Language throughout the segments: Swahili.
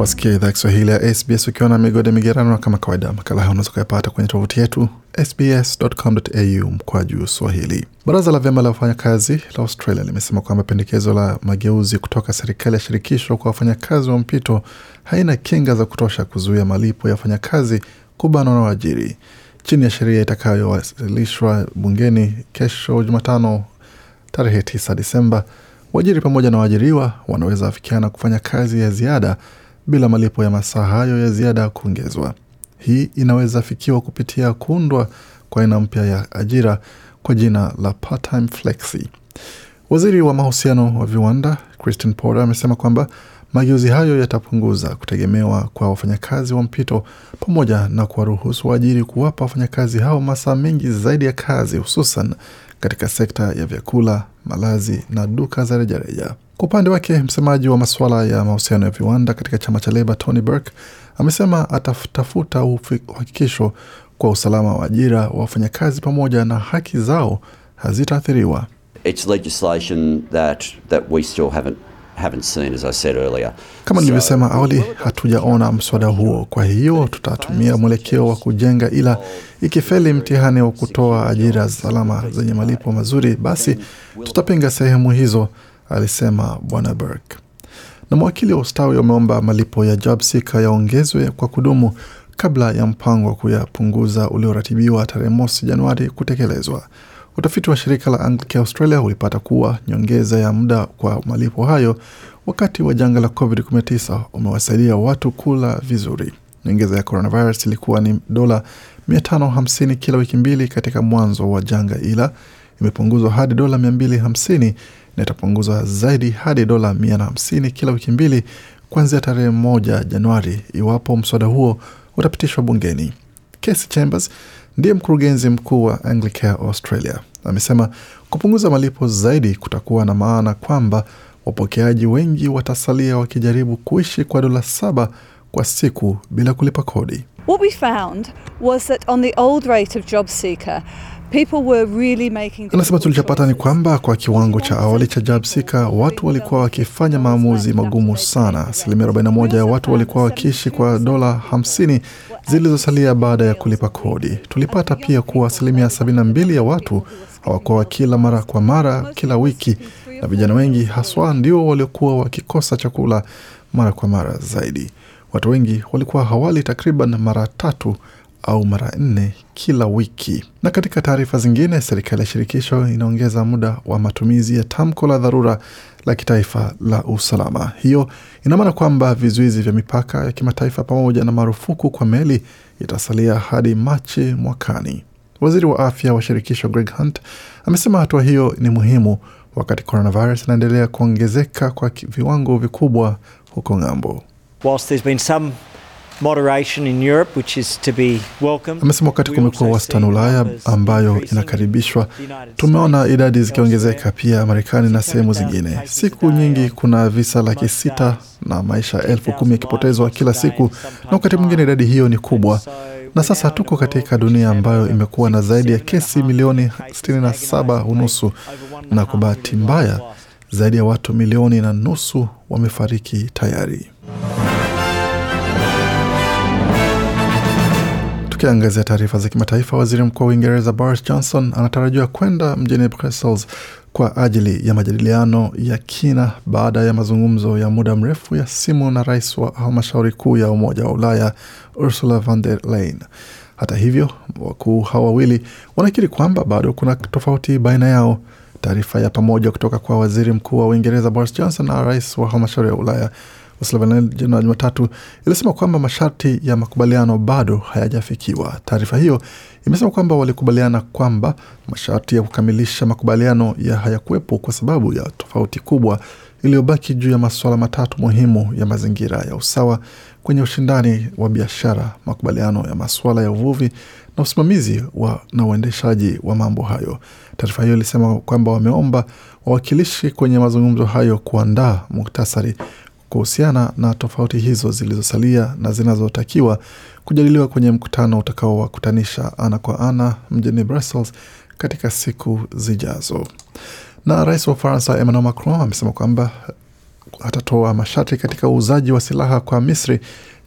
wasikia idhaa Kiswahili ya SBS ukiwa na migode migerano. Kama kawaida, makala haya unaweza kuyapata kwenye tovuti yetu sbs.com.au mkwa juu Swahili. Baraza la vyama la wafanyakazi la Australia limesema kwamba pendekezo la mageuzi kutoka serikali ya shirikisho kwa wafanyakazi wa mpito haina kinga za kutosha kuzuia malipo ya wafanyakazi kubanwa na waajiri chini ya sheria itakayowasilishwa bungeni kesho Jumatano tarehe 9 Disemba. Waajiri pamoja na waajiriwa wanaweza afikiana kufanya kazi ya ziada bila malipo ya masaa hayo ya ziada kuongezwa. Hii inaweza fikiwa kupitia kuundwa kwa aina mpya ya ajira kwa jina la part-time flexi. Waziri wa mahusiano wa viwanda Christine Porter amesema kwamba Mageuzi hayo yatapunguza kutegemewa kwa wafanyakazi wa mpito pamoja na kuwaruhusu waajiri kuwapa wafanyakazi hao masaa mengi zaidi ya kazi, hususan katika sekta ya vyakula, malazi na duka za rejareja. Kwa upande wake, msemaji wa masuala ya mahusiano ya viwanda katika chama cha Leba, Tony Burke, amesema atatafuta uhakikisho kwa usalama wa ajira wa wafanyakazi pamoja na haki zao hazitaathiriwa. It's legislation that, that we still haven't Seen, as I said earlier. Kama nilivyosema so, awali, hatujaona mswada huo, kwa hiyo tutatumia mwelekeo wa kujenga, ila ikifeli mtihani wa kutoa ajira salama zenye malipo mazuri, basi tutapinga sehemu hizo, alisema Bwana Burke. Na mwakili wa ustawi wameomba malipo ya job seeker yaongezwe kwa kudumu kabla ya mpango wa kuyapunguza ulioratibiwa tarehe mosi Januari kutekelezwa. Utafiti wa shirika la Anglicare Australia ulipata kuwa nyongeza ya muda kwa malipo hayo wakati wa janga la COVID-19 umewasaidia watu kula vizuri. Nyongeza ya coronavirus ilikuwa ni dola 550 kila wiki mbili katika mwanzo wa janga, ila imepunguzwa hadi dola 250 na itapunguzwa zaidi hadi dola 150 kila wiki mbili kuanzia tarehe moja Januari iwapo mswada huo utapitishwa bungeni. Kesi Chambers ndiye mkurugenzi mkuu wa Anglicare Australia, amesema kupunguza malipo zaidi kutakuwa na maana kwamba wapokeaji wengi watasalia wakijaribu kuishi kwa dola saba kwa siku bila kulipa kodi. What we found was that on the old rate of job seeker Anasema tulichopata ni kwamba kwa kiwango cha awali cha JABSIKA watu walikuwa wakifanya maamuzi magumu sana. Asilimia 41 ya watu walikuwa wakiishi kwa dola 50 zilizosalia baada ya kulipa kodi. Tulipata pia kuwa asilimia 72 ya watu hawakuwa wakila mara kwa mara kila wiki, na vijana wengi haswa ndio waliokuwa wakikosa chakula mara kwa mara zaidi. Watu wengi walikuwa hawali takriban mara tatu au mara nne kila wiki. Na katika taarifa zingine, serikali ya shirikisho inaongeza muda wa matumizi ya tamko la dharura la kitaifa la usalama. Hiyo ina maana kwamba vizuizi vya mipaka ya kimataifa pamoja na marufuku kwa meli itasalia hadi Machi mwakani. Waziri wa afya wa shirikisho Greg Hunt amesema hatua hiyo ni muhimu wakati coronavirus inaendelea kuongezeka kwa viwango vikubwa huko ng'ambo. Amesema wakati kumekuwa wastani Ulaya ambayo inakaribishwa, tumeona idadi zikiongezeka pia Marekani na sehemu zingine. Siku nyingi kuna visa laki sita na maisha elfu kumi yakipotezwa kila siku, na wakati mwingine idadi hiyo ni kubwa na sasa tuko katika dunia ambayo imekuwa na zaidi ya kesi milioni 67 unusu, na kwa bahati mbaya zaidi ya watu milioni na nusu wamefariki tayari. Tukiangazia taarifa za kimataifa, waziri mkuu wa Uingereza Boris Johnson anatarajiwa kwenda mjini Brussels kwa ajili ya majadiliano ya kina baada ya mazungumzo ya muda mrefu ya simu na rais wa halmashauri kuu ya Umoja wa Ulaya Ursula von der Leyen. Hata hivyo, wakuu hawa wawili wanakiri kwamba bado kuna tofauti baina yao. Taarifa ya pamoja kutoka kwa waziri mkuu wa Uingereza Boris Johnson na rais wa halmashauri ya Ulaya Slovenia jana Jumatatu ilisema kwamba masharti ya makubaliano bado hayajafikiwa. Taarifa hiyo imesema kwamba walikubaliana kwamba masharti ya kukamilisha makubaliano ya hayakuwepo kwa sababu ya tofauti kubwa iliyobaki juu ya masuala matatu muhimu ya mazingira ya usawa kwenye ushindani wa biashara, makubaliano ya masuala ya uvuvi na usimamizi wa, na uendeshaji wa mambo hayo. Taarifa hiyo ilisema kwamba wameomba wawakilishi kwenye mazungumzo hayo kuandaa muktasari kuhusiana na tofauti hizo zilizosalia na zinazotakiwa kujadiliwa kwenye mkutano utakaowakutanisha ana kwa ana mjini Brussels katika siku zijazo. Na rais wa Ufaransa Emmanuel Macron amesema kwamba atatoa masharti katika uuzaji wa silaha kwa Misri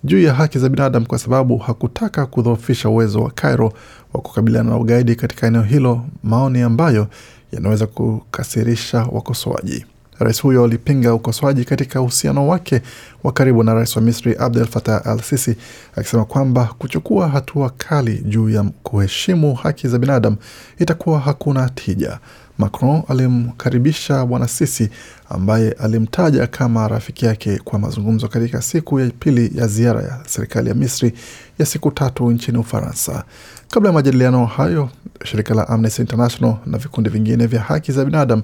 juu ya haki za binadamu kwa sababu hakutaka kudhoofisha uwezo wa Cairo wa kukabiliana na ugaidi katika eneo hilo, maoni ambayo yanaweza kukasirisha wakosoaji. Rais huyo alipinga ukosoaji katika uhusiano wake wa karibu na rais wa Misri Abdel Fattah al Sisi, akisema kwamba kuchukua hatua kali juu ya kuheshimu haki za binadamu itakuwa hakuna tija. Macron alimkaribisha Bwana Sisi ambaye alimtaja kama rafiki yake kwa mazungumzo katika siku ya pili ya ziara ya serikali ya Misri ya siku tatu nchini Ufaransa. Kabla ya majadiliano hayo, shirika la Amnesty International na vikundi vingine vya haki za binadamu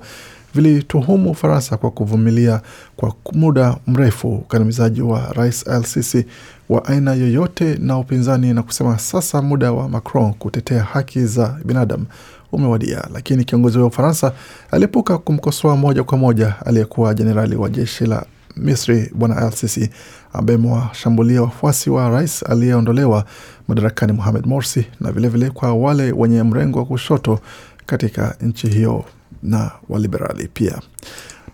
vilituhumu Ufaransa kwa kuvumilia kwa muda mrefu ukandamizaji wa Rais El-Sisi wa aina yoyote na upinzani na kusema sasa muda wa Macron kutetea haki za binadamu umewadia. Lakini kiongozi wa Ufaransa aliepuka kumkosoa moja kwa moja aliyekuwa jenerali wa jeshi la Misri Bwana El-Sisi ambaye amewashambulia wafuasi wa rais aliyeondolewa madarakani Mohamed Morsi na vilevile vile kwa wale wenye mrengo wa kushoto katika nchi hiyo na waliberali pia.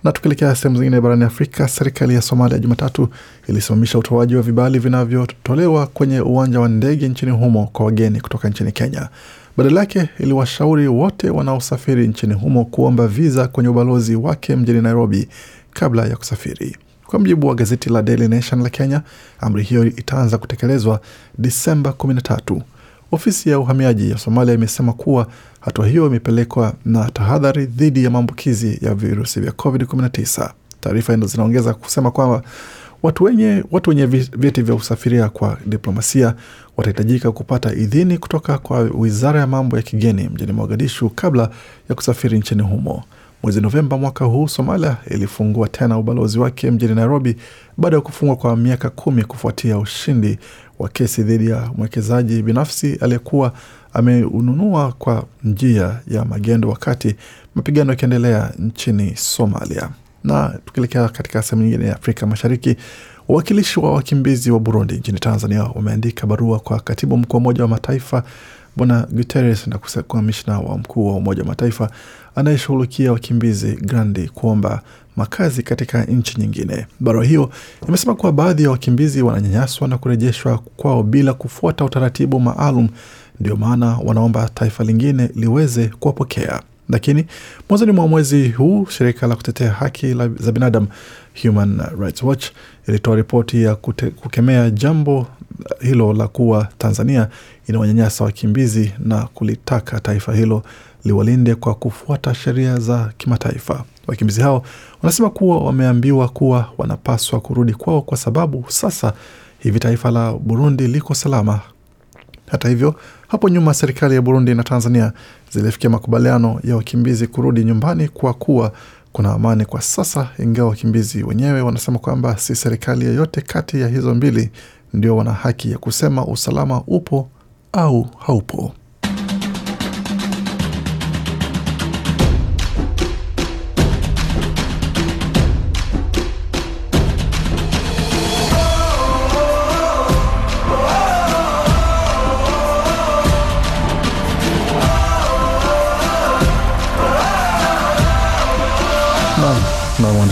Na tukielekea sehemu zingine barani Afrika, serikali ya Somalia Jumatatu ilisimamisha utoaji wa vibali vinavyotolewa kwenye uwanja wa ndege nchini humo kwa wageni kutoka nchini Kenya. Badala yake iliwashauri wote wanaosafiri nchini humo kuomba viza kwenye ubalozi wake mjini Nairobi kabla ya kusafiri. Kwa mjibu wa gazeti la Daily Nation la Kenya, amri hiyo itaanza kutekelezwa Disemba 13 Ofisi ya uhamiaji ya Somalia imesema kuwa hatua hiyo imepelekwa na tahadhari dhidi ya maambukizi ya virusi vya COVID-19. Taarifa hizo zinaongeza kusema kwamba watu wenye, watu wenye vyeti vya usafiria kwa diplomasia watahitajika kupata idhini kutoka kwa wizara ya mambo ya kigeni mjini Mogadishu kabla ya kusafiri nchini humo. Mwezi Novemba mwaka huu, Somalia ilifungua tena ubalozi wake mjini Nairobi baada ya kufungwa kwa miaka kumi kufuatia ushindi wa kesi dhidi ya mwekezaji binafsi aliyekuwa ameununua kwa njia ya magendo wakati mapigano yakiendelea nchini Somalia. Na tukielekea katika sehemu nyingine ya Afrika Mashariki, wawakilishi wa wakimbizi wa Burundi nchini Tanzania wameandika barua kwa katibu mkuu wa Umoja wa Mataifa Bwana Guterres na kamishna wa mkuu wa Umoja wa Mataifa anayeshughulikia wakimbizi Grandi kuomba makazi katika nchi nyingine. Barua hiyo imesema kuwa baadhi ya wakimbizi wananyanyaswa na kurejeshwa kwao bila kufuata utaratibu maalum, ndio maana wanaomba taifa lingine liweze kuwapokea. Lakini mwanzoni mwa mwezi huu shirika la kutetea haki la, za binadamu Human Rights Watch ilitoa ripoti ya kute, kukemea jambo hilo la kuwa Tanzania inawanyanyasa wakimbizi na kulitaka taifa hilo liwalinde kwa kufuata sheria za kimataifa. Wakimbizi hao wanasema kuwa wameambiwa kuwa wanapaswa kurudi kwao kwa sababu sasa hivi taifa la Burundi liko salama hata hivyo, hapo nyuma serikali ya Burundi na Tanzania zilifikia makubaliano ya wakimbizi kurudi nyumbani kwa kuwa kuna amani kwa sasa, ingawa wakimbizi wenyewe wanasema kwamba si serikali yoyote kati ya hizo mbili ndio wana haki ya kusema usalama upo au haupo.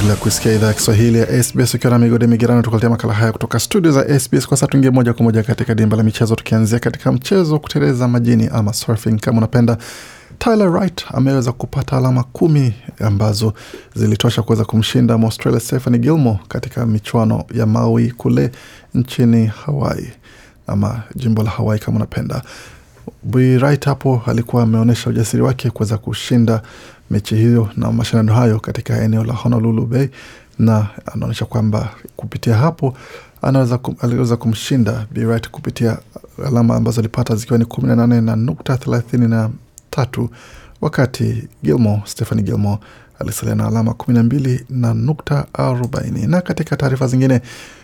Unaendelea kusikia idhaa ya Kiswahili ya SBS ukiwa na migode migerano, tukaletea makala haya kutoka studio za SBS. Kwa sasa tuingie moja kwa moja katika dimba la michezo, tukianzia katika mchezo kuteleza majini ama surfing kama unapenda. Tyler Wright ameweza kupata alama kumi ambazo zilitosha kuweza kumshinda Mwaustralia Stephanie Gilmore katika michuano ya Maui kule nchini Hawaii ama jimbo la Hawaii kama unapenda. Bi hapo alikuwa ameonyesha ujasiri wake kuweza kushinda mechi hiyo na mashindano hayo katika eneo la Honolulu Bay, na anaonyesha kwamba kupitia hapo anaweza kum, aliweza kumshinda Right kupitia alama ambazo alipata zikiwa ni kumi na nane na nukta thelathini na tatu wakati Gilmore, Stephanie Gilmore alisalia na alama kumi na mbili na nukta arobaini. Na katika taarifa zingine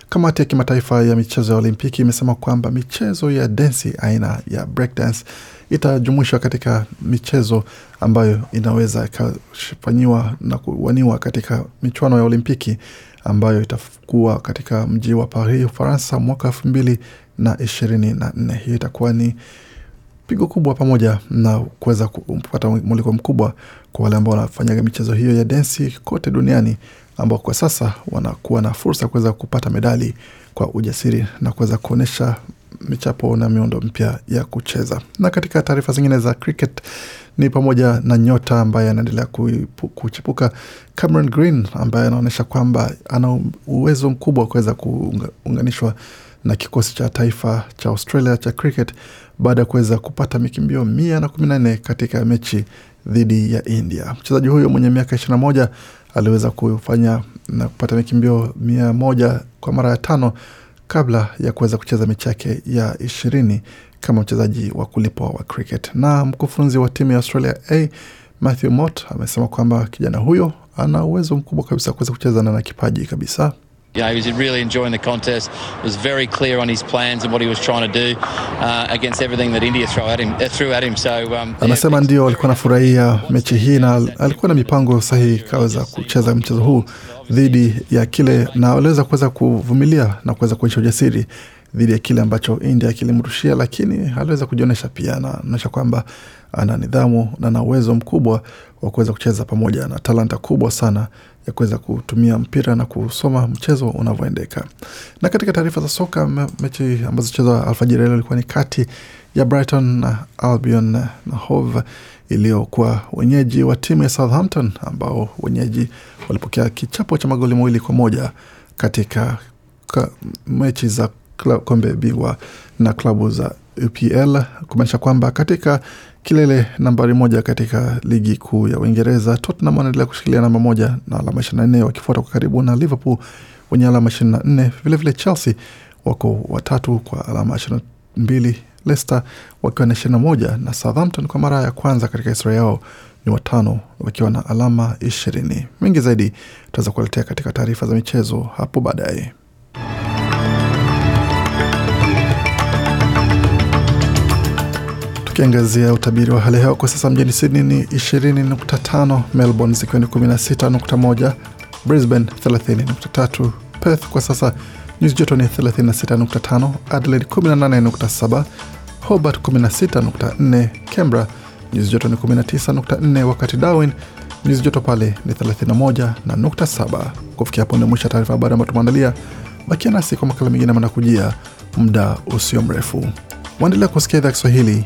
Kamati ya kimataifa ya michezo ya Olimpiki imesema kwamba michezo ya densi aina ya breakdance itajumuishwa katika michezo ambayo inaweza ikafanyiwa na kuwaniwa katika michuano ya Olimpiki ambayo itakuwa katika mji wa Paris, Ufaransa, mwaka elfu mbili na ishirini na nne. Hiyo itakuwa ni pigo kubwa, pamoja na kuweza kupata mwaliko mkubwa kwa wale ambao wanafanyaga michezo hiyo ya densi kote duniani, ambao kwa sasa wanakuwa na fursa ya kuweza kupata medali kwa ujasiri na kuweza kuonyesha michapo na miundo mpya ya kucheza. Na katika taarifa zingine za cricket ni pamoja na nyota ambaye anaendelea kuchipuka Cameron Green, ambaye anaonyesha kwamba ana uwezo mkubwa wa kuweza kuunganishwa na kikosi cha taifa cha Australia cha cricket baada ya kuweza kupata mikimbio mia na kumi na nne katika mechi dhidi ya India. Mchezaji huyo mwenye miaka ishirini na moja aliweza kufanya na kupata mikimbio mia moja kwa mara ya tano kabla ya kuweza kucheza mechi yake ya ishirini kama mchezaji wa kulipwa wa cricket. Na mkufunzi wa timu ya Australia A Matthew Mott amesema kwamba kijana huyo ana uwezo mkubwa kabisa kuweza kucheza na na kipaji kabisa. You know, he was really enjoying the contest, was very clear on his plans and what he was trying to do uh, against everything that India threw at him, Uh, threw at him. So, um, anasema ndio alikuwa anafurahia mechi hii na alikuwa na mipango sahihi kaweza kucheza mchezo huu dhidi ya kile na aliweza kuweza kuvumilia na kuweza kuonyesha ujasiri dhidi ya kile ambacho India kilimrushia, lakini aliweza kujionyesha pia na anaonyesha kwamba ana nidhamu na na uwezo mkubwa wa kuweza kucheza pamoja na talanta kubwa sana ya kuweza kutumia mpira na kusoma mchezo unavyoendeka. Na katika taarifa za soka, mechi ambazo zichezwa alfajiri leo ilikuwa ni kati ya Brighton na Albion na Hove iliyokuwa wenyeji wa timu ya Southampton ambao wenyeji walipokea kichapo cha magoli mawili kwa moja katika ka, mechi za kombe bingwa na klabu za UPL e kumaanisha kwamba katika kilele nambari moja katika ligi kuu ya Uingereza, Tottenham wanaendelea kushikilia namba moja na alama nne wakifuata kwa karibu na Liverpool wenye alama nne Vilevile Chelsea wako watatu kwa alama 22, Leicester wakiwa na 21 na Southampton kwa mara ya kwanza katika historia yao ni watano wakiwa na alama ishirini. Mengi zaidi tutaweza kuwaletea katika taarifa za michezo hapo baadaye. Tukiangazia utabiri wa hali hewa kwa sasa, mjini Sydney ni 20.5, Melbourne zikiwa ni 16.1, Brisbane 30.3, Perth kwa sasa nyuzi joto ni 36.5, Adelaide 18.7, Hobart 16.4, Canberra nyuzi joto ni 19.4, wakati Darwin nyuzi joto pale ni 31 na Kufikia hapo ni mwisho ya taarifa habari ambayo tumeandalia. Bakia nasi kwa makala mengine manakujia muda usio mrefu. Waendelea kusikia idhaa Kiswahili